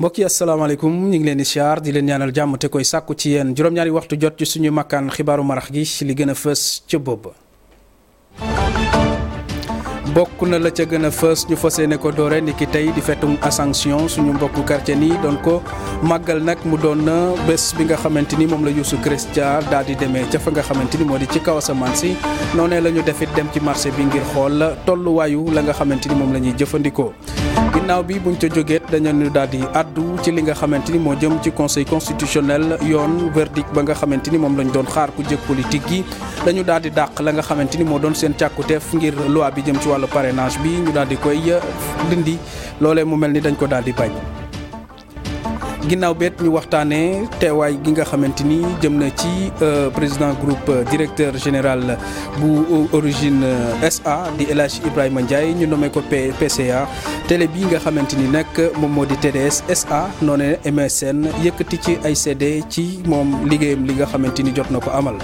mbokk yi asalaamaaleykum ñu ngi leen di siyaar di leen ñaanal jàmm te koy sàkku ci yéen juróom-ñaari waxtu jot ci suñu makkaan xibaaru marax gi li gën a fës ca boobu. bokk na la ca gën a fës ñu fas ne ko doore ni ki tey di fetum Ascension suñu mbokku quartier nii doon ko màggal nag mu doon na bés bi nga xamante ni moom la Youssou Christia daal di demee ca fa nga xamante ni moo di ci kaw asamaan si noonee la ñu defit dem ci marché bi ngir xool tolluwaayu la nga xamante ni moom la ñuy jëfandikoo. ginnaaw bi buñ ca jógeet dañu daal di addu ci li nga xamante ni moo jëm ci conseil constitutionnel yoon verdict ba nga xamante ni moom dañu doon xaar ku jëkk politique yi dañu daal di dàq la nga xamante ni moo doon seen càkkuteef ngir loi bi jëm ci wàllu parrainage bi ñu daal di koy dindi loolee mu mel ni dañ ko daal di bañ ginnaaw beet ñu waxtaanee teewaay gi nga xamante ni jëm na ci euh, président groupe euh, directeur général bu euh, origine SA di El Hadj Ibrahima Ndiaye ñu nommé ko PCA télé bii nga xamante ni nag moom moo di TDS SA noonee MSN yëkkati ci ay CD ci moom liggéeyam li nga xamante ni jot na ko amal.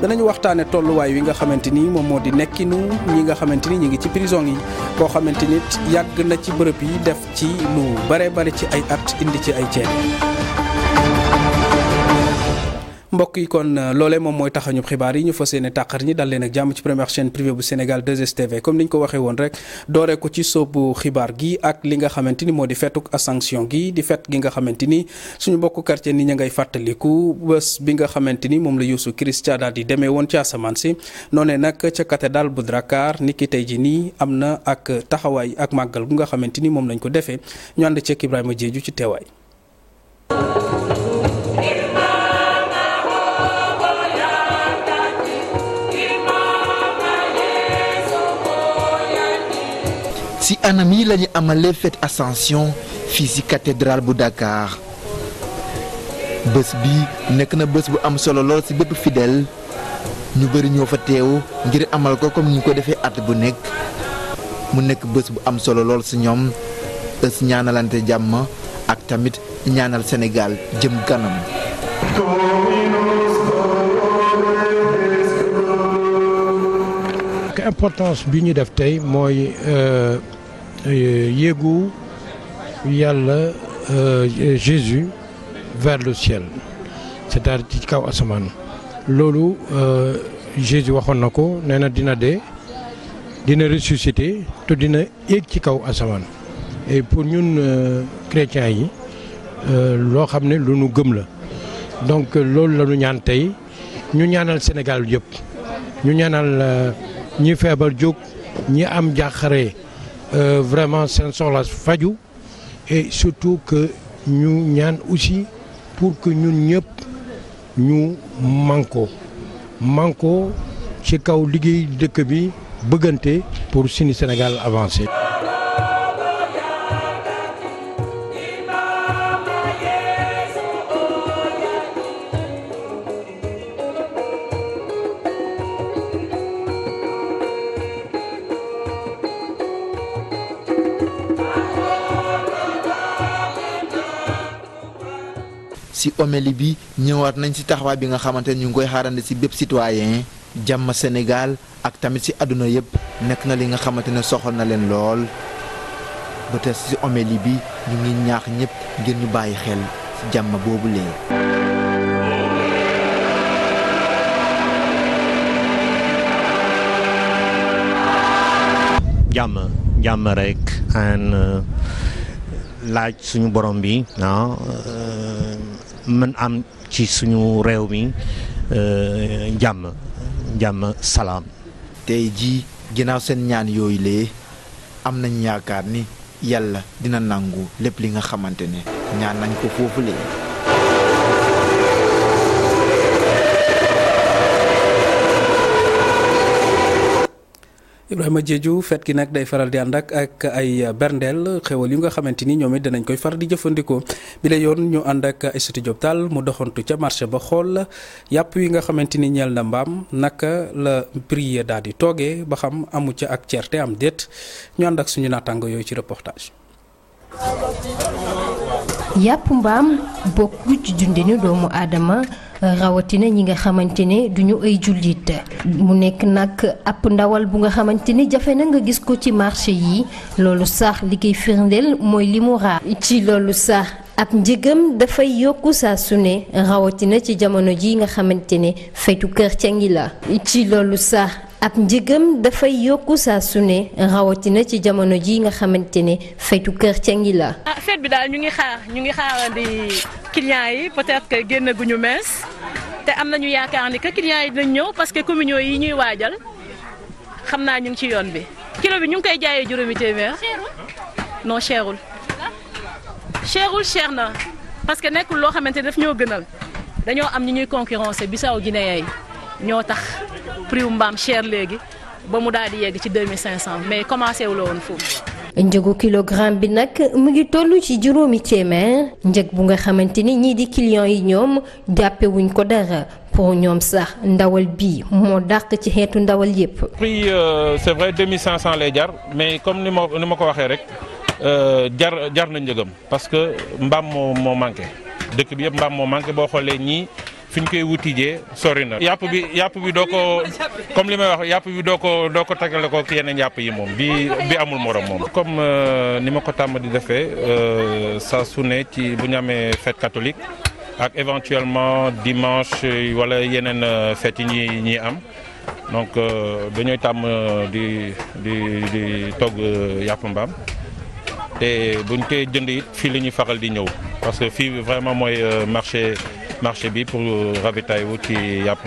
danañu waxtaane tolluwaay wi nga xamante ni moom moo di nekkinu ñi nga xamante ni ñu ngi ci prison yi koo xamante ni yàgg na ci bërëb yi def ci lu bare bare ci ay at indi ci ay ceeb. mbokk yi kon euh, loolee moom mooy taxañu xibaar yi ñu fas yéene tàqar ñi dal leen ak jàmm ci première chaîne privée bu Sénégal 2STV comme ni ñu ko waxee woon rek dooree ko ci soobu xibaar gi ak li nga xamante ni moo di fetuk Ascension gi di fet gi nga xamante ni suñu mbokku quartier ni ña ngay fàttaliku bés bi nga xamante ni moom la Youssou Christia daal di demee woon ci asamaan si noonee nag ca cathédrale bu Dakar niki tey ji nii am na ak taxawaay ak màggal bu nga xamante ni moom lañ ko defee ñu ànd ceeg Ibrahima Diédhiou ci teewaay ci anam yi la ñu amalee fête ascension fii si cathédrale bu Dakar bés bi nekk na bés bu am solo lool si bépp fidel ñu bari ñoo fa teew ngir amal ko comme ni ñu ko defee at bu nekk mu nekk bés bu am solo lool ci ñoom ës ñaanalante jàmm ak tamit ñaanal Sénégal jëm kanam. importance bi ñu def tey mooy euh, euh, yéegu yàlla euh, Jésus vers le ciel cest à ci kaw asamaan loolu Jésus waxoon na ko nee na dina de dina ressuscité te dina yéeg ci kaw asamaan pour ñun chrétiens yi loo xam ne lu nu gëm la donc loolu la ñaan tey ñu ñaanal Sénégal yëpp ñu ñaanal. ñi feebar jóg ñi am jàqare euh, vraiment seen soxla faju et surtout que ñu ñaan aussi pour que ñun ñëpp ñu manko manko ci kaw liggéey dëkk bi bëggante pour suñu Sénégal avancer. ci homélie bi ñëwaat nañ ci taxawaay bi nga xamante ne ñu ngi koy xaarandi si bépp citoyen jàmm Sénégal ak tamit ci àdduna yëpp nekk na li nga xamante ne soxal na leen lool ba ci si bi ñu ngi ñaax ñëpp ngir ñu bàyyi xel si jàmm boobu lee jàmm jàmm rek uh, laaj suñu borom bi ah uh, mën am ci suñu réew mi euh, jàmm jàmm salaam. tey jii ginnaaw seen ñaan yooyu lee am nañ yaakaar ni yàlla dina nangu lépp li nga xamante ne ñaan nañ ko foofu lee Ibrahima Diédhiou fête gi nag day faral di ànd ak ak ay berndeel xéwal yu nga xamante ni ñoom danañ koy far di jëfandikoo bi la yoon ñu ànd ak Aïssatou Diop Tall mu doxantu ca marché ba xool yàpp yi nga xamante ni ñeel na mbaam naka la prix daal di toogee ba xam amu ca ak certe am déet ñu ànd ak suñu naataango yooyu ci reportage. yàpp mbaam bokk ci dundinu doomu aadama. rawatina ñi nga xamante ne du ñu ay jullit mu nekk nag ab ndawal bu nga xamante ni jafe na nga gis ko ci marché yi loolu sax li koy firndeel mooy li mu raar ci loolu sax ab njëgam dafay yokk saa sune rawatina ci jamono ji nga xamante ne fetu kër ca ngi la ci loolu sax ab njëgam dafay yokk saa su ne rawatina ci jamono ji nga xamante ne feetu kër ca ngi la. ah feet bi daal ñu ngi xaar ñu ngi xaarandi clients yi peut-être que génn gu ñu mees te am nañu yaakaar ni que clients yi dinañ ñëw parce que communion yi ñuy waajal xam naa ñu ngi ci yoon bi kilo bi ñu ngi koy jaayee juróomi téeméer non cherul cherul cher na parce que nekkul loo xamante daf ñoo gënal dañoo am ñu ñuy bi Bissau Guinée yi ñoo tax prix mbaam cher léegi ba mu daal di yegg ci 2500 mais commencé wu woon foofu. njëgu kilo kilogramme bi nag mu ngi toll ci juróomi téeméer njëg bu nga xamante ni ñii di clients yi ñoom jàppewuñ ko dara pour ñoom sax ndawal bii moo dàq ci xeetu ndawal yépp. prix euh, c'est vrai 2500 lay jar mais comme ni ma ni ma ko waxee rek euh, jar jar na njëgam parce que mbaam moo moo manqué dëkk bi yépp mbaam moo manqué boo xoolee ñii. fi ñu koy wutijee sori na yàpp bi yàpp bi doo ko comme li may wax yàpp bi doo ko doo ko tagale ko yeneen yàpp yi moom bi bi amul moroom moom comme euh, ni ma ko tàmm di defee euh, saa su ne ci bu ñu amee fête katolik ak éventuellement dimanche wala yeneen euh, fête yi ñi am donc dañooy tàmm di di di togg yàpp mbaam te buñ koy jënd it fii la ñuy faxal di ñëw parce que fii vraiment mooy marché marché bi pour ravitaay wu ci yàpp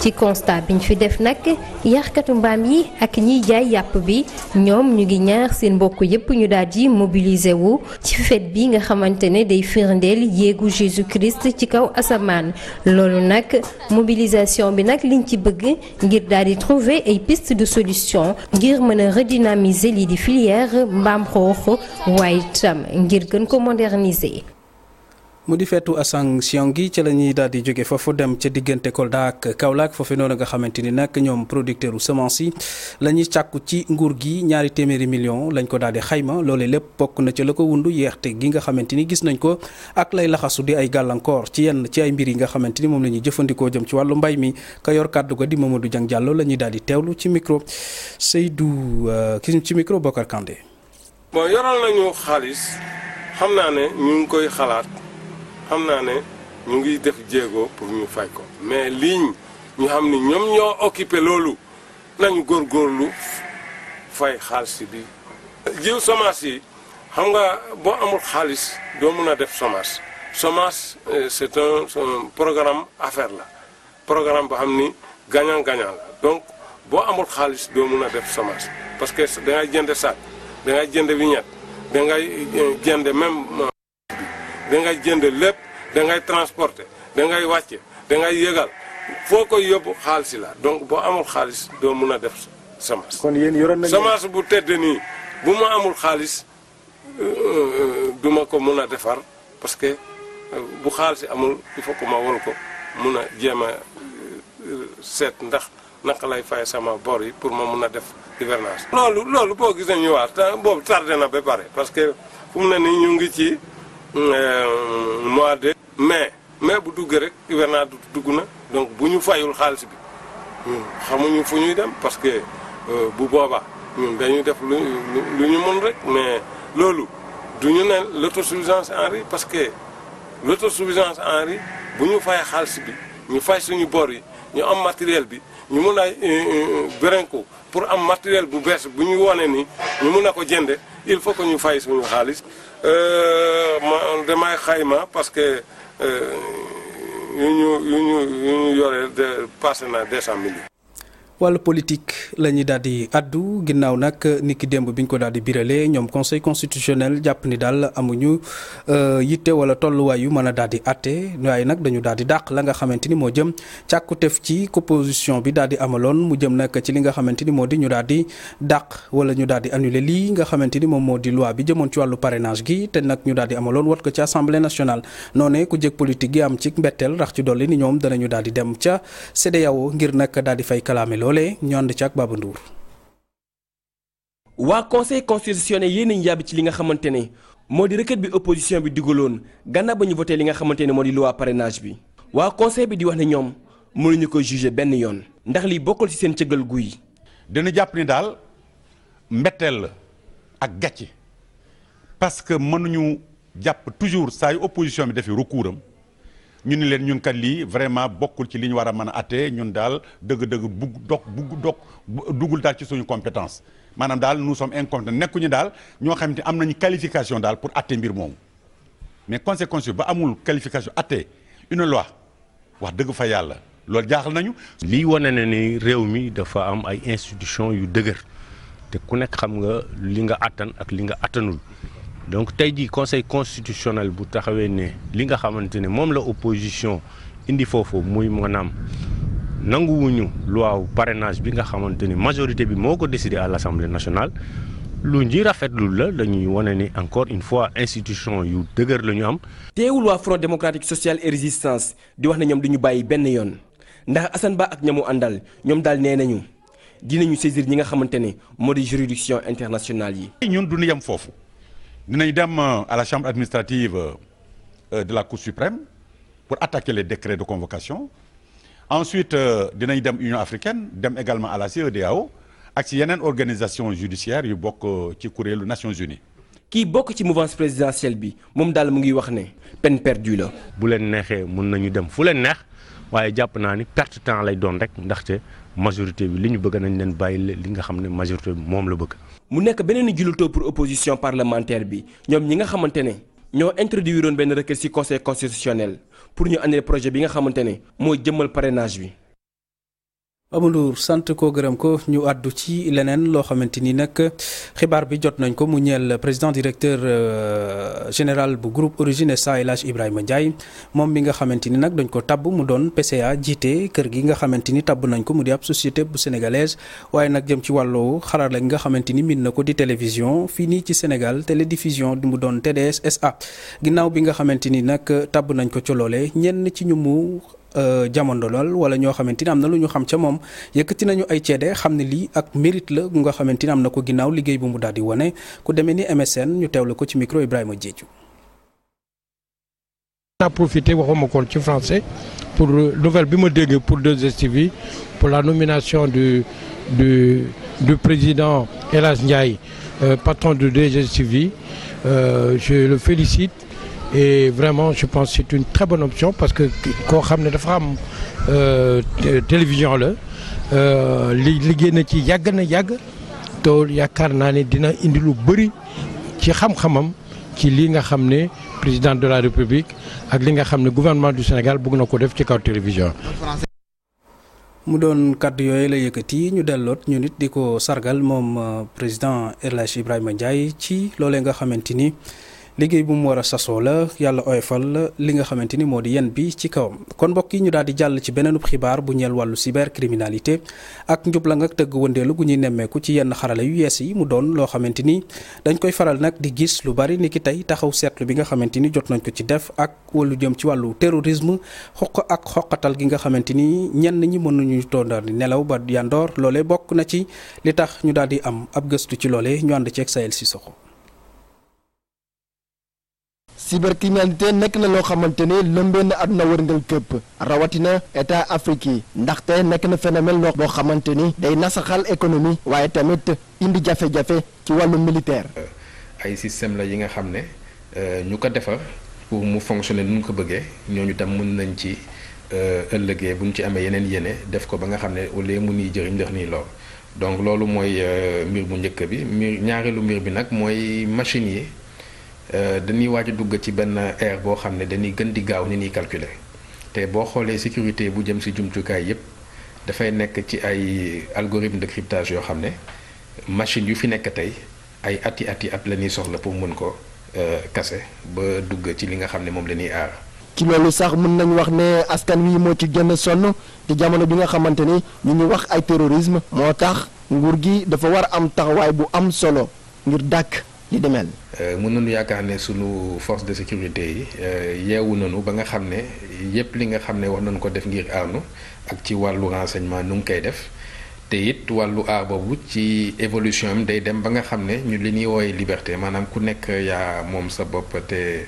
ci constat biñ fi def nag yarkatu mbaam yi ak ñiy jaay yàpp bi ñoom ñu ngi ñaar seen mbokk yépp ñu daal di mobiliser wu ci fête bi nga xamante ne day firndeel yéegu Jésus Christ ci kaw asamaan loolu nag mobilisation bi nag liñ ci bëgg ngir daal di trouver ay piste de solution ngir mën a redynamiser lii di filière mbaam xoox waaye tam ngir gën ko moderniser mu di feetu Asang Siong gi ci la ñuy daal di jóge foofu dem ca diggante Kolda ak Kaolack foofu noonu nga xamante ni nag ñoom producteur u semence yi la ñuy càkku ci nguur gi ñaari téeméeri million lañ ko daal di xayma loolee lépp bokk na ca la ko wundu yeexte gi nga xamante ni gis nañ ko ak lay laxasu di ay gàllankoor ci yenn ci ay mbir yi nga xamante ni moom la ñuy jëfandikoo jëm ci wàllu mbay mi ka yor kàddu ko di Mamadou Dieng Diallo la ñuy daal di teewlu ci micro Seydou euh, ki ci micro Bokar Kandé bon yoral ne ñu ngi koy xalaat xam naa ne ñu ngi def jéego pour ñu fay ko mais liñ ñu xam ni ñoom ñoo occupé loolu nañu góorgóorlu fay xaalis bi jiw semence yi xam nga boo amul xaalis doo mun a def semence semence euh, c'est un programme affaire la programme boo xam ni gagnant donc boo amul xaalis doo mun a def semence parce que da ngay jënd saak da ngay jënd vignette da euh, euh, da ngay jënd lépp da ngay transporter da ngay wàcce da ngay yëgal foo koy yóbbu xaalis la donc boo amul xaalis doo mun a def semence. kon yéen yoroon nañu semence bu tedd nii bu mu amul xaalis euh, euh, duma ko mun a defar parce que euh, bu xaalis amul il faut que ma ko mun a jéem a seet ndax naka lay fay sama bor yi pour ma mun a def hivernage. loolu loolu boo gisee ñu waat ah, boobu tardé na ba pare parce fu mu ne nii ñu ngi ci. Euh, mois de mai mai bu duggee rek hivernage dugg na donc bu ñu fayul xaalis bi ñun xamuñu fu ñuy dem parce que euh, bu boobaa ñun dañuy def lu ñu mën rek mais loolu du ñu ne l'autosuffisance en riz parce que loto en riz bu ñu fay xaalis bi ñu fay suñu bor yi ñu am matériel bi ñu mun a euh, bérénko pour am matériel bu bees bu ñu wone ni ñu mun a ko jënde il faut que ñu fay suñu xaalis euh, ma damay xayma parce que euh, yu ñu yu ñu yu ñu na deux wàllu politique la ñuy daal di addu ginnaaw nag ni ki démb bi ñu ko daal di biralee ñoom conseil constitutionnel jàpp ni daal amuñu yitte wala tolluwaay yu mën a daal di atte waaye nag dañu daal di dàq la nga xamante ni moo jëm càkkutef ci opposition bi daal di amaloon mu jëm nag ci li nga xamante ni moo di ñu daal di dàq wala ñu daal di annuler lii nga xamante ni moom moo di loi bi jëmoon ci wàllu parrainage gi te nag ñu daal di amaloon wat ko ci assemblée nationale noonee ku jëkk politique gi am ci mbetteel rax ci dolli ni ñoom danañu daal di dem ca CEDEAO ngir nag daal di fay kalaamelo loolee ñond ci ak Baba waa conseil constitutionnel yéen nañ yàbbi ci li nga xamante ne moo di requête bi opposition bi digaloon gannaaw ba ñu vote li nga xamante ne moo di loi parrainage bi waa conseil bi di wax ne ñoom mënuñu ko jugé benn yoon ndax lii bokkul ci seen cëggal guy dañu jàpp ni daal mbetteel la ak gàcce parce que mënuñu jàpp toujours saa yu bi defee recours am ñu ni leen ñun kat lii vraiment bokkul ci li ñu war a mën a attee ñun daal dëgg-dëgg bugg dog bugg dog duggul daal ci suñu compétence maanaam daal nous sommes incompétents nekkuñu daal ñoo xam ne am nañu qualification daal pour atte mbir moomu mais conséquence yu ba amul qualification atte une loi wax dëgg fa yàlla loolu jaaxal nañu. lii wane na ni réew mi dafa am ay institution yu dëgër te ku nekk xam nga li nga attan ak li nga attanul. donc tey jii conseil constitutionnel bu taxawee ne li nga xamante ne moom la opposition indi foofu muy maanaam nanguwuñu loi parenage bi nga xamante ni majorité bi moo ko décidé à l' assemblée nationale lu ñuy rafetlu la dañuy wane ni encore une fois institution yu dëgër la ñu am. teewul waa front démocratique social et résistance di wax ne ñoom du ñu bàyyi benn yoon ndax Assane Ba ak ñamu àndal ñoom daal nee nañu dinañu saisir ñi nga xamante ne moo di juridiction yi. ñun du ñu yem foofu. dinañ dem euh, à la chambre administrative euh, euh, de la cour suprême pour attaquer les décrets de convocation ensuite dinañ dem union africaine dem également à la CEDEAO ak ci yeneen organisation judiciaire yu bokk ci kuréelu Nations Unies kii bokk ci mouvance présidentielle bi moom daal mu ngi wax ne peine perdue la bu leen neexee mun nañu dem fu leen neex waaye jàpp naa ni perte temps lay doon rek ndaxte majorité bi li ñu bëgg nañ leen bàyyi li nga xam ne majorité bi moom la bëgg. mu nekk beneen jullitoo pour opposition parlementaire bi ñoom ñi nga xamante ne ñoo introduiroon benn requête ci conseil constitutionnel pour ñu annulé projet bi nga xamante ne moo jëmmal parrainage bi. Amadou sant ko gërëm ko ñu àddu ci leneen loo xamante ni nag xibaar bi jot nañ ko mu ñeel président directeur euh, général bu groupe origine SA El Ibrahima Ndiaye moom mi nga xamante ni nag dañ ko tabb mu doon PCA jiite kër gi nga xamante ni tabb nañ ko mu di ab société bu sénégalaise waaye nag jëm ci wàllu xarala gi nga xamante ni min na ko di télévision fii nii ci Sénégal télédiffusion mu doon TDS SA ginnaaw bi nga xamante ni nag tabb nañ ko ci loole ñenn ci ñu Euh, jamono lool wala ñoo xamante ni am na lu ñu xam ca moom yëkkati nañu ay ceede xam ne lii ak mérite la nga xamante ni am na ko ginnaaw liggéey bu mu daal di wane ku demee ni MSN ñu teewlu ko ci micro Ibrahima Diédhiou. naa profité waxuma koon ci français pour euh, nouvelle bi ma dégg pour 2STV pour la nomination du du du président El Hadj Ndiaye euh, patron de 2STV je le félicite. et vraiment je pense c'est une très bonne option parce que koo xam ne dafa am euh, télévision la euh, li liggéey na ci yàgg na yàgg te yaakaar naa ne dina indi lu bëri ci xam-xamam ci lii nga xam ne président de la république ak li nga xam ne gouvernement du Sénégal bëgg na ko def ci kaw télévision. mu doon kàddu yooyu la yëkkati ñu delloot ñu nit di ko sargal moom euh, président El Ibrahima Ndiaye ci loolee nga xamante ni. liggéey bu mu war a sasoo la yàlla oyofal li nga xamante ni moo di yenn bi ci kawam kon mbokk yi ñu daal di jàll ci beneenub xibaar bu ñeel wàllu cybercriminalité ak njublang ak tëgg wëndeelu gu ñuy nemmeeku ci yenn xarala yu yees yi mu doon loo xamante ni dañ koy faral nag di gis lu bari ni ki tey taxaw seetlu bi nga xamante ni jot nañ ko ci def ak wàllu jëm ci wàllu terrorisme xoq ak xoqatal gi nga xamante ni ñenn ñi mën nañu tondoor di nelaw ba yandoor loolee bokk na ci li tax ñu daal di am ab gëstu ci loolee ñu ànd ceeg Sahel Sissoko cybercriminalité nekk na loo xamante ni lëmbee na àdduna wërngal këpp rawatina état Afrique yi ndaxte nekk na phénomène loo boo xamante ni day nasaxal économie waaye tamit indi jafe-jafe ci wàllu militaire. Euh, ay système la yi nga xam ne euh, ñu ko defar pour mu fonctionner ni mu ko bëggee ñoo ñu tam mën nañ ci euh, ëllëgee bu ñu ci amee yeneen yeneen def ko ba nga xam ne wala mu niy ñu def nii lool. donc loolu mooy mbir mu njëkk bi mbir ñaareelu mbir bi nag mooy machine yi. Euh, dañuy waaj a dugg ci benn ère boo xam ne dañuy gën di gaaw ni ñuy calculer te boo xoolee sécurité bu jëm si jumtukaay yépp dafay nekk ci ay algorithme de cryptage yoo xam ne machine yu fi nekk tey ay ati ati at la ñuy soxla pour mën ko euh, kase ba dugg ci li nga xam ne moom la ñuy aar. ci loolu sax mën nañu wax ne askan wi moo ci gën a sonn te jamono bi nga xamante ni ñu ngi wax ay terrorisme moo tax nguur gi dafa war am taxawaay bu am solo ngir dàkk li demel Euh, mën nañu yaakaar ne sunu force de sécurité yi euh, yeewu nañu ba nga xam ne yépp li nga xam ne wax nañu ko def ngir aar ak ci wàllu renseignement nu ngi koy def te it wàllu aar boobu ci évolution am day dem ba nga xam ne ñu li ñuy wooye liberté maanaam ku nekk yaa moom sa bopp te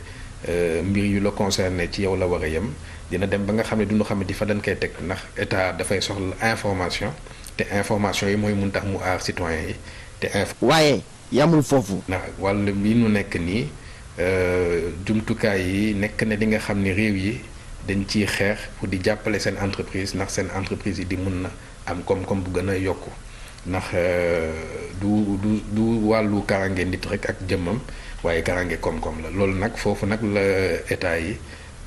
euh, mbir yu la concerné ci yow la war a yem dina dem ba nga xam ne duñu xam ne di fa dañ koy teg ndax état dafay soxla information te information yi mooy mun tax mu aar citoyen yi te. waaye. yamul foofu. ndax wàll bi nu nekk nii euh, jumtukaay yi nekk na di nga xam ni réew yi dañ ciy xeex pour di jàppale seen entreprise ndax seen entreprise yi di mun na am koom-koom bu gën a yokku ndax euh, du du du wàllu karange nit rek ak jëmmam waaye karange koom-koom la loolu nag foofu nag la état yi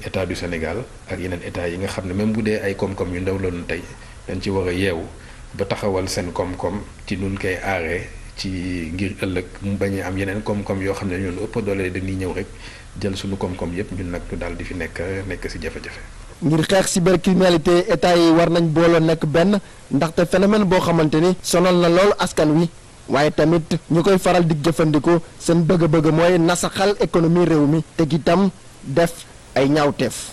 état du Sénégal ak yeneen état yi nga xam ne même bu dee ay koom-koom yu ndaw la ñu tey dañ ci war a yeewu ba taxawal seen koom-koom ci nun koy aaree. ci ngir ëllëg mu bañ am yeneen koom-koom yoo xam ne ñun ëpp doole dañuy ñëw rek jël suñu koom-koom yépp ñun nag ñu daal di fi nekk nekk ci jafe-jafe. ngir xeex cybercriminalité état yi war nañ booloo nekk benn ndaxte phénomène boo xamante ni sonal na loolu askan wi waaye tamit ñu koy faral di jëfandikoo seen bëgg-bëgg mooy nasaxal économie réew mi te itam def ay ñaawteef.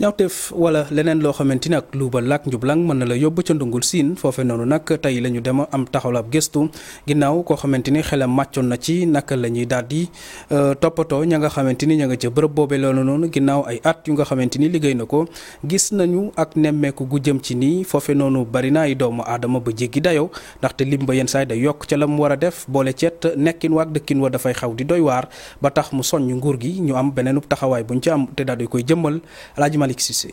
ñaawteef wala leneen loo xamante ni ak luuba laak njublang mën na la yóbbu ca ndungul siin foofe noonu nag tey lañu ñu dem am taxawal ab gëstu ginnaaw koo xamante ni xelam màccoon na ci naka la ñuy daal di euh, toppatoo ña nga xamante ni ña nga ca bërëb boobe loolu noonu ginnaaw ay at yu nga xamante ni liggéey na ko gis nañu ak nemmeeku gu jëm ci nii foofe noonu bari na ay doomu aadama ba jéggi dayoo ndaxte lim ba yenn saay da yokk ca la mu war a def boole ceet nekkin waak dëkkin wa dafay xaw di doy waar ba tax mu soññ nguur gi ñu am beneenub taxawaay buñ ci am te daal koy jëmmal Malick Cissé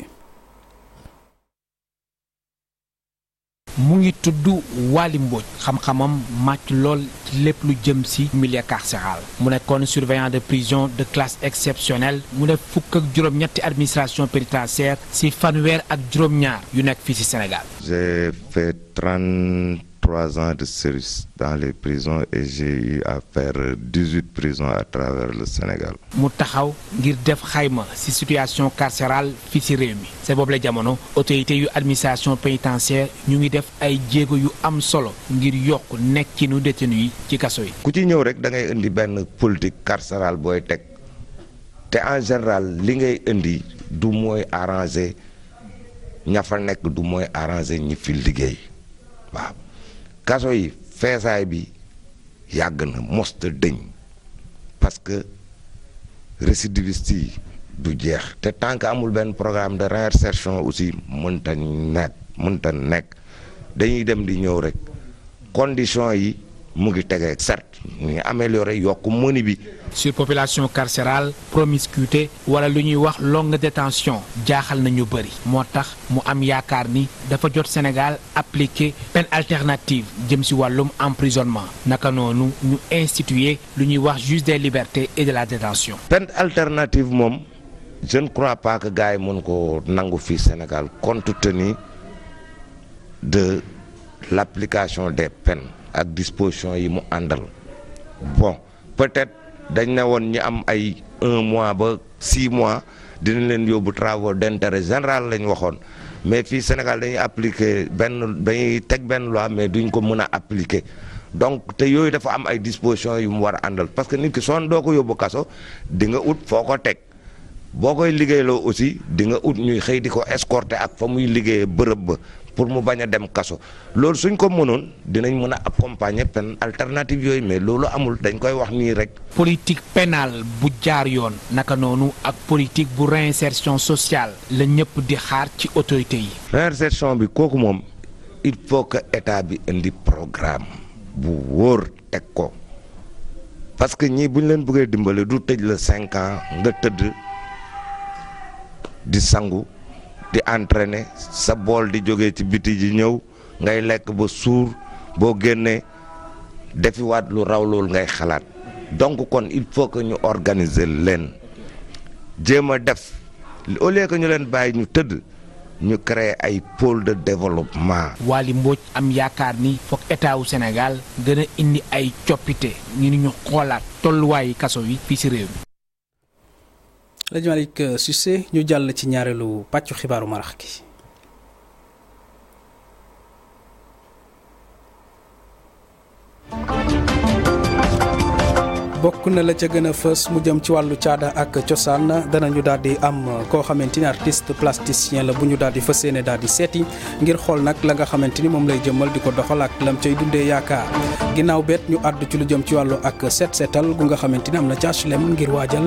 mu ngi tudd Waly Mbodj xamxamam xamam lool ci lépp lu jëm si milieu carcéral mu nekkoon surveillant de prison de classe exceptionnelle mu def fukk ak juróom-ñetti administration pénitentiaire si fanweer ak juróom-ñaar yu nekk fii ci Sénégal. trois ans de service dans les prisons et j'ai eu Sénégal. mu taxaw ngir def xayma ci situation carcérale fii ci réew mi. c'est boobu la jamono autorité yu administration pénitentiaire ñu ngi def ay jéego yu am solo ngir yokk nekkinu détenu yi ci kaso yi. ku ci ñëw rek dangay indi benn politique carcérale booy teg te en général li ngay indi du mooy arranger ña fa nekk du mooy arranger ñi fi liggéey waaw. kaso yi feesaay bi yàgg na mosta dëñ parce que récidiviste yi du jeex te tant que amul benn programme de réinsertion aussi mënta nekk mënta nekk dañuy dem di ñëw rek condition yi mu ngi tege certes mu ngi amélioré yokk mëni bi. surpopulation carcérale promiscuité wala lu ñuy wax longue détention jaaxal na ñu bëri moo tax mu am yaakaar ni dafa jot Sénégal appliquer peine alternative jëm si wàllum emprisonnement naka noonu ñu instituer lu ñuy wax juge des libertés et de la détention peine alternative moom je ne crois pas que gars yi mën ko nangu fii Sénégal compte tenu de l'application des pen ak disposition yi mu àndal bon peut-être dañ ne woon ñu am ay un mois ba six mois dinañ leen yóbbu travaux d'intérêt général lañ waxoon mais fii Sénégal dañuy appliquer benn dañuy teg benn loi mais duñ ko mën a appliquer donc te yooyu dafa am ay dispositions yu mu war a àndal parce que nit ki soon doo ko yóbbu kaso dinga nga ut foo ko teg boo koy liggéeyloo aussi di nga ut ñuy xëy di ko escorter ak fa muy liggéeye bërëb ba pour mu bañ a dem kaso loolu suñ ko mënoon dinañ mën a accompagner peine alternative yooyu mais loolu amul dañ koy wax nii rek. politique pénale bu jaar yoon naka noonu ak politique bu réinsertion sociale la ñëpp di xaar ci autorité yi. réinsertion bi kooku moom il faut que état bi indi programme bu wóor teg ko parce que ñii bu leen bëggee dimbale du tëj la cinq ans nga tëdd di sangu. di entraîner sa bool di jógee ci biti ji ñëw ngay lekk ba suur boo génnee defiwaat lu raw loolu ngay xalaat donc kon il faut que ñu organiser leen jéem a def au lieu que ñu leen bàyyi ñu tëdd ñu créer ay pôle de développement. Waly Mbodj am yaakaar ni foog état wu Sénégal gën indi ay coppite ñu ñu xoolaat tolluwaayu kaso yi fii ci réew mi. Aladji Malick euh, Cissé ñu jàll ci ñaareelu pàccu xibaaru marax gi bokk na la ca gën a fës mu jëm ci wàllu caadaa ak cosaan danañu daal di am koo xamante ni artiste plasticien la bu ñu daal di fas yéene daal di seeti ngir xool nag la nga xamante ni moom lay jëmmal di ko doxal ak lam cay dundee yaakaar ginnaaw beet ñu àdd ci lu jëm ci wàllu ak set setal gu nga xamante ni am na ci HLM ngir waajal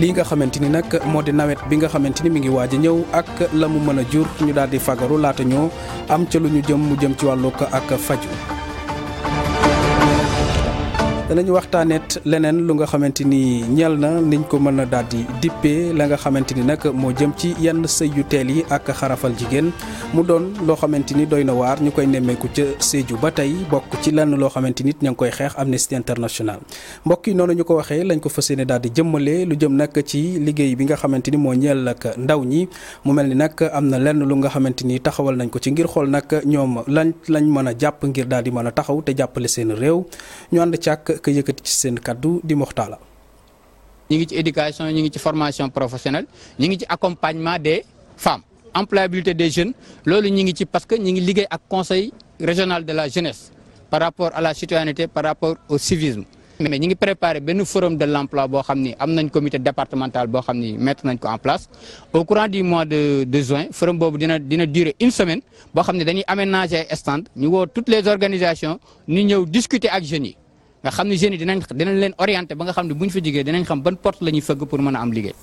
lii nga xamante ni nag moo di nawet bi nga xamante ni mu ngi waaj a ñëw ak la mu mën a jur ñu daal di fagaru laata ñoo am ca lu ñu jëm mu jëm ci wàllu ak faju danañu waxtaaneet leneen lu nga xamante ni ñeel na niñ ko mën a daal di dippee la nga xamante ni nag moo jëm ci yenn sëy teel yi ak xarafal jigéen mu doon loo xamante ni doy na waar ñu koy nemmeeku ca Sédhiou ba tey bokk ci lenn loo xamante ni ña ngi koy xeex Amnesty International mbokk yi noonu ñu ko waxee lañ ko fas yéene daal di lu jëm nag ci liggéey bi nga xamante ni moo ñeel ak ndaw ñi mu mel ni nag am na lenn lu nga xamante ni taxawal nañ ko ci ngir xool nag ñoom lañ lañ mën a jàpp ngir daal di mën a taxaw te jàppale seen réew ka yëkkati ci seen kaddu di moxtaala ñi ngi ci éducation ñi ngi ci formation professionnelle ñi ngi ci accompagnement des femmes employabilité des jeunes loolu ñi ngi ci parce que ñi ngi liggéey ak conseil régional de la jeunesse par rapport à la citoyenneté par rapport au civisme mais ñi ngi préparé benn forum de l'emploi boo xam ni am nañ comité départemental boo xam ni mettre nañ ko en place au courant du mois de juin forum boobu dina dina nga xam ne jeunes yi dinañ dinañ leen orienté ba nga xam ne bu ñu fa jigee dinañ xam ban porte la ñuy fëgg pour mën a am liggéey.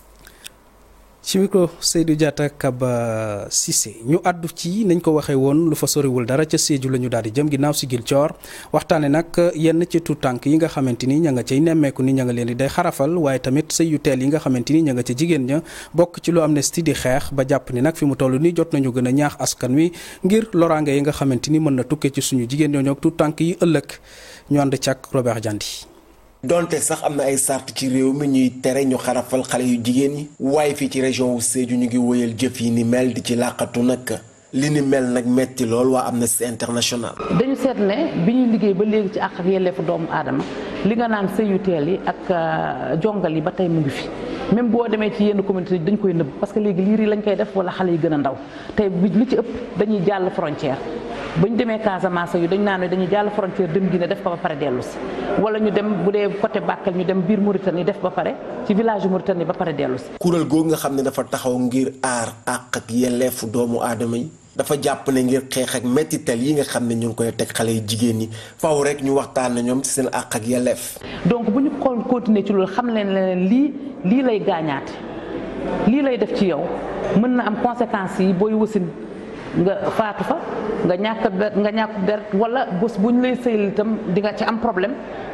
ci micro Seydou Diatta Kaba Cissé ñu àddu ci nañ ko waxee woon lu fa soriwul dara ca Sédhiou la ñu daal di jëm ginnaaw si gil coor waxtaane nag yenn ci tout tànk yi nga xamante ni ña nga cay nemmeeku ni ña nga leen di day xarafal waaye tamit sëy yu teel yi nga xamante ni ña nga ca jigéen ña bokk ci lu amnistie di xeex ba jàpp ni nag fi mu toll nii jot nañu gën a ñaax askan wi ngir loraange yi nga xamante ni mën na tukkee ci suñu jigéen ñooñu ak tout tànk yi ëllëg ñoo ànd ci ak Robert Diandi. donte sax am na ay sart ci réew mi ñuy tere ñu xarafal xale yu jigéen ñi waaye fii ci région wu Sédhiou ñu ngi wëyal jëf yi ni mel di ci làqatu nag li ni mel nag metti lool waa am na Amnesty International. dañu seet ne bi ñuy liggéey ba léegi ci àq ak yelleefu doomu aadama li nga naan sëy yu teel yi ak euh, jongal yi ba tey mu ngi fi. même boo demee ci yenn communauté dañ koy nëbb parce que léegi liir yi lañ koy def wala xale yi gën a ndaw tey bi li ci ëpp dañuy jàll frontière ba ñu demee Casamance yu dañ naan ne dañuy jàll frontière dem Guinée def ko ba pare dellu si ñu dem bu dee côté Bakel ñu dem biir Mauritanie def ba pare ci village Mauritanie ba pare dellu si. kuréel googu nga xam ne dafa taxaw ngir aar àq ak yelleefu doomu aadama yi. dafa jàppale ngir xeex ak mettital yi nga xam ne ñu ngi koy teg xale yi jigéen ñi faw rek ñu waxtaan na ñoom ci seen àq ak yelleef. donc bu ñu kon continuer ci loolu xam leen leen lii lii lay gaañaate lii lay def ci yow nga faatu fa nga ñàkk ber nga ñàkk ber wala bés bu ñu lay sëyal itam di nga ci am problème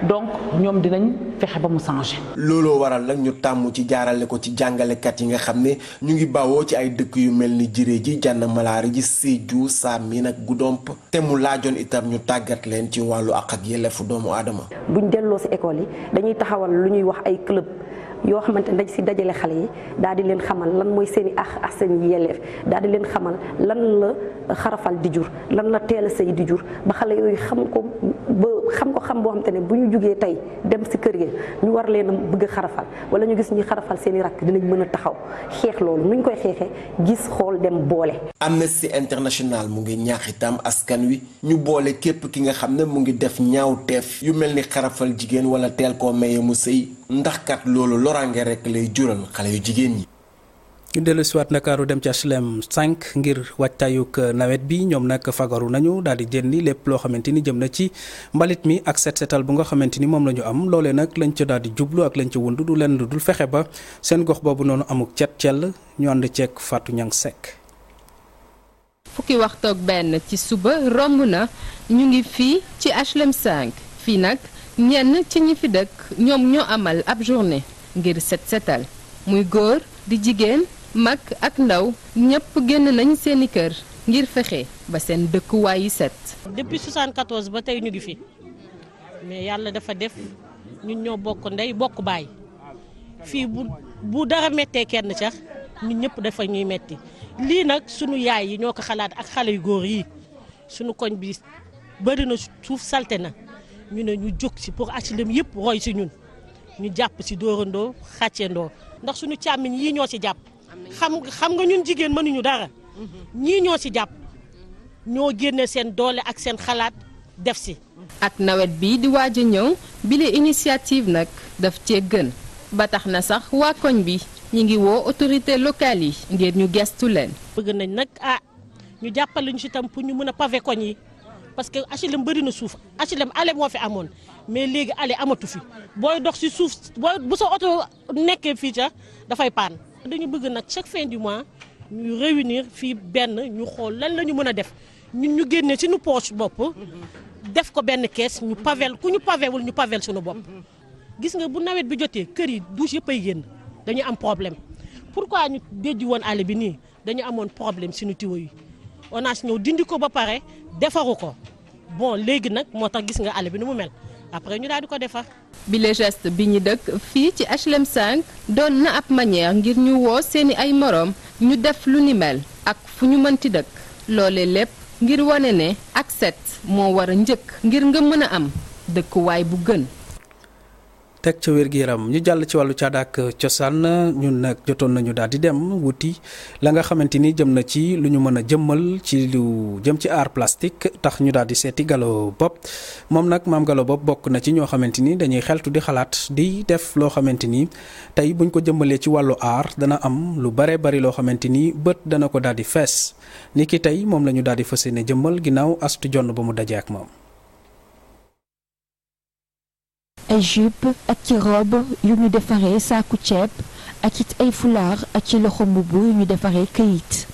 donc ñoom dinañ fexe ba mu changé. looloo waral nag ñu tàmm ci jaarale ko ci jàngalekat yi nga xam ne ñu ngi bawoo ci ay dëkk yu mel ni Jiree ji Jànn Malaari ji Sédhiou Sàmmi nag Goudomp te mu laajoon itam ñu tàggat leen ci wàllu àq ak yelleefu doomu aadama. buñ delloo si école yi dañuy taxawal lu ñuy wax ay club. yoo xamante ne dañ si dajale xale yi daal di leen xamal lan mooy seen i ax ak seen yelleef daal di leen xamal lan la xarafal di jur lan la teel a di jur ba xale yooyu xam ko ba xam ko xam boo xam te ne bu ñu jugee tey dem si kër gi ñu war leen bëgg a xarafal wala ñu gis ñuy xarafal seen i rakk dinañ mën a taxaw xeex loolu nuñ koy xeexee gis xool dem boole. si International mu ngi ñaax itam askan wi ñu boole képp ki nga xam ne mu ngi def ñaaw teef yu mel ni xarafal jigéen wala teel koo maye mu sëy ndax kat loolu loraange rek lay jural xale yu jigéen ñi. ñu dellu si waat Ndakaaru dem ci HLM 5 ngir waajtaayug euh, nawet bi ñoom nag fagaru nañu daal di jëndi lépp loo xamante ni jëm na ci mbalit mi ak set setal bu nga xamante ni moom la ñu am loolee nag lañ ca daal di jublu ak lañ ca wund du leen dul fexe ba seen gox boobu noonu amuk cet cell ñu ànd ceeg Fatou Niang Seck. fukki waxtu ak benn ci suba romb na ñu ngi fii ci HLM 5 fii nag ñenn ci ñi fi dëkk ñoom ñoo amal ab journée ngir set setal muy mag ak ndaw ñëpp génn nañ seeni kër ngir fexe ba seen dëkkuwaay yi set. depuis 74 ba tey ñu ngi fi mais yàlla dafa def ñun ñoo bokk ndey bokk baay fii bu bu dara mettee kenn sax ñun ñëpp dafa ñuy metti lii nag sunu yaay yi ñoo ko xalaat ak xale yu góor yi sunu koñ bi bëri na suuf salte na ñu ne ñu jóg si pour HLM yëpp roy si ñun ñu jàpp si dóorandoo xàccendoo ndax sunu càmmiñ yi ñoo ci jàpp. xam xam nga ñun jigéen mënuñu dara ñii ñoo ci jàpp ñoo génne seen doole ak seen xalaat def si ak nawet bii di waaja a ñëw bile initiative nag daf cee gën ba tax na sax waa koñ bi ñu ngi woo autorité locale yi ngir ñu gestu leen. bëgg nañ nag ah ñu jàppale ñu ci tam pour ñu mën a pavé koñ yi parce que HLM bëri na suuf HLM ale moo fi amoon mais léegi ale amatu fi booy dox ci suuf booy bu sa oto nekkee fii ca dafay paan. dañu bëgg nag chaque fin du mois ñu réunir fii benn ñu xool lan la ñu mën a def ñun ñu génne suñu poche bopp def ko benn kees ñu pavel ku ñu pavewul ñu pavel suñu bopp gis nga bu nawet bi jotee kër yi douche yëpp ay génn dañu am problème ko pourquoi ñu déjji woon àll bi nii dañu amoon problème suñu tuyau yi ONAS ñëw dindi ko ba pare defaru ko bon léegi nag moo tax gis nga àll bi nu mu mel après ñu daal di ko defar. bile geste bi ñu dëkk fii ci HLM 5 doon na ab manière ngir ñu woo seeni ay moroom ñu def lu ni mel ak fu ñu mënti dëkk loole lépp ngir wane ne ak set moo war a njëkk ngir nga mën a am dëkkuwaay bu gën. teg ca wér gi yaram ñu jàll ci wàllu caada cosaan ñun nag jotoon nañu daal di dem wuti la nga xamante ni jëm na ci lu ñu mën a jëmmal ci lu jëm ci art plastique tax ñu daal di seeti Gallo Bob moom nag maam Gallo Bob bokk na ci ñoo xamante ni dañuy xeltu di xalaat di def loo xamante ni tey buñ ko jëmmalee ci wàllu aar dana am lu bare bari loo xamante ni bët dana ko daal di fees ni ki tey moom la ñu daal di fas yéene jëmmal ginnaaw astu jonn ba mu dajee ak moom. ay jupe ak ci robe yu ñu defaree saaku ceeb ak it ay fulaar ak ci loxo mbubb yu ñu defaree këyit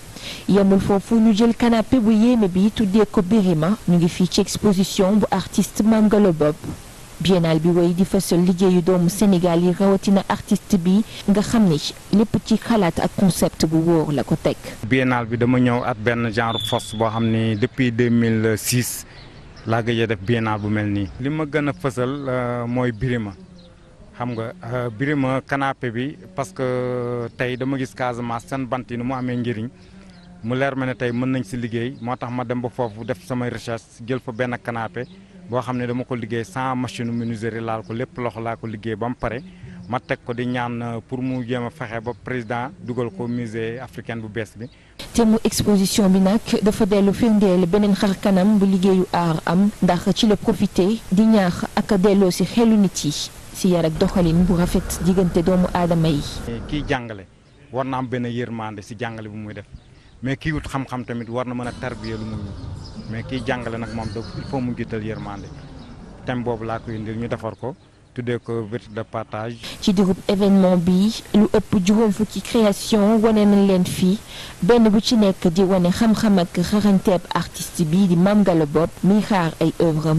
yemul foofu ñu jël canapé bu yéeme bi tuddee ko ma ñu ngi fii ci exposition bu artiste Mame Galo Bob biennale bi woy di fësal liggéeyu doomu Sénégal yi rawatina artiste bi nga xam ni lépp ci xalaat ak concept bu wóor la ko teg. biennale bi dama ñëw at benn genre force boo xam ni depuis 2006. laa def biennale bu mel nii. li ma gën a fësal euh, mooy Birima xam nga euh, Birima kanaape bi parce que euh, tey dama gis Casamance seen bant yi nu mu amee njëriñ mu leer ma ne tey mën nañ si liggéey moo tax ma dem ba foofu def samay recherche jël fa benn kanaape boo xam ne dama ko liggéey sans machine menuiserie laal ko lépp loxo laa ko liggéey ba mu pare. ma teg ko di ñaan euh, pour mu jéem a fexe ba président dugal ko musée africaine bu bees bi. thème exposition bi nag dafa dellu firndeel beneen xar kanam bu liggéeyu aar am ndax ci la profité di ñaax ak delloo si xelu nit yi si yar ak doxalin bu rafet diggante doomu aadama yi. kiy jàngale war na am benn yërmande si jàngale bu muy def mais kiy wut xam-xam tamit war na mën a tarbiya lu muy mais kiy jàngale nag moom da il faut mu jiital yërmande thème boobu laa koy indil ñu defar ko. tuddee ko vertu ci digub événement bi lu ëpp juróom fukki création wane nañ leen fii benn bu ci nekk di wane xam-xam ak xarañteeb artiste bi di Mame Galla Bopp xaar ay œuvre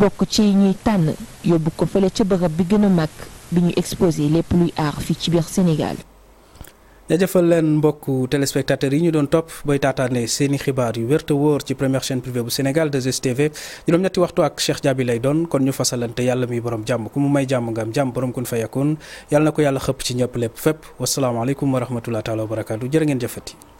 bokk ci ñuy tànn yóbbu ko fële ci bërëb bi gën a mag bi ñu exposé lépp luy aar fii ci biir Sénégal. jajëfal leen mbokku téléspectateurs yi ñu doon topp bay taataane seen i xibaar yu wér te wóor ci première chaîne privée bu Sénégal de stv juróom-ñetti waxtu ak Cheikh Diaby lay doon kon ñu fasalante yàlla muy borom jàmm ku mu may jàmm nga am jàmm borom kun fayakoon yàlla na ko yàlla xëpp ci ñëpp lépp fépp wasalaamaaleykum wa rahmatulah taala wa barakaatu jërë ngeen jëfati.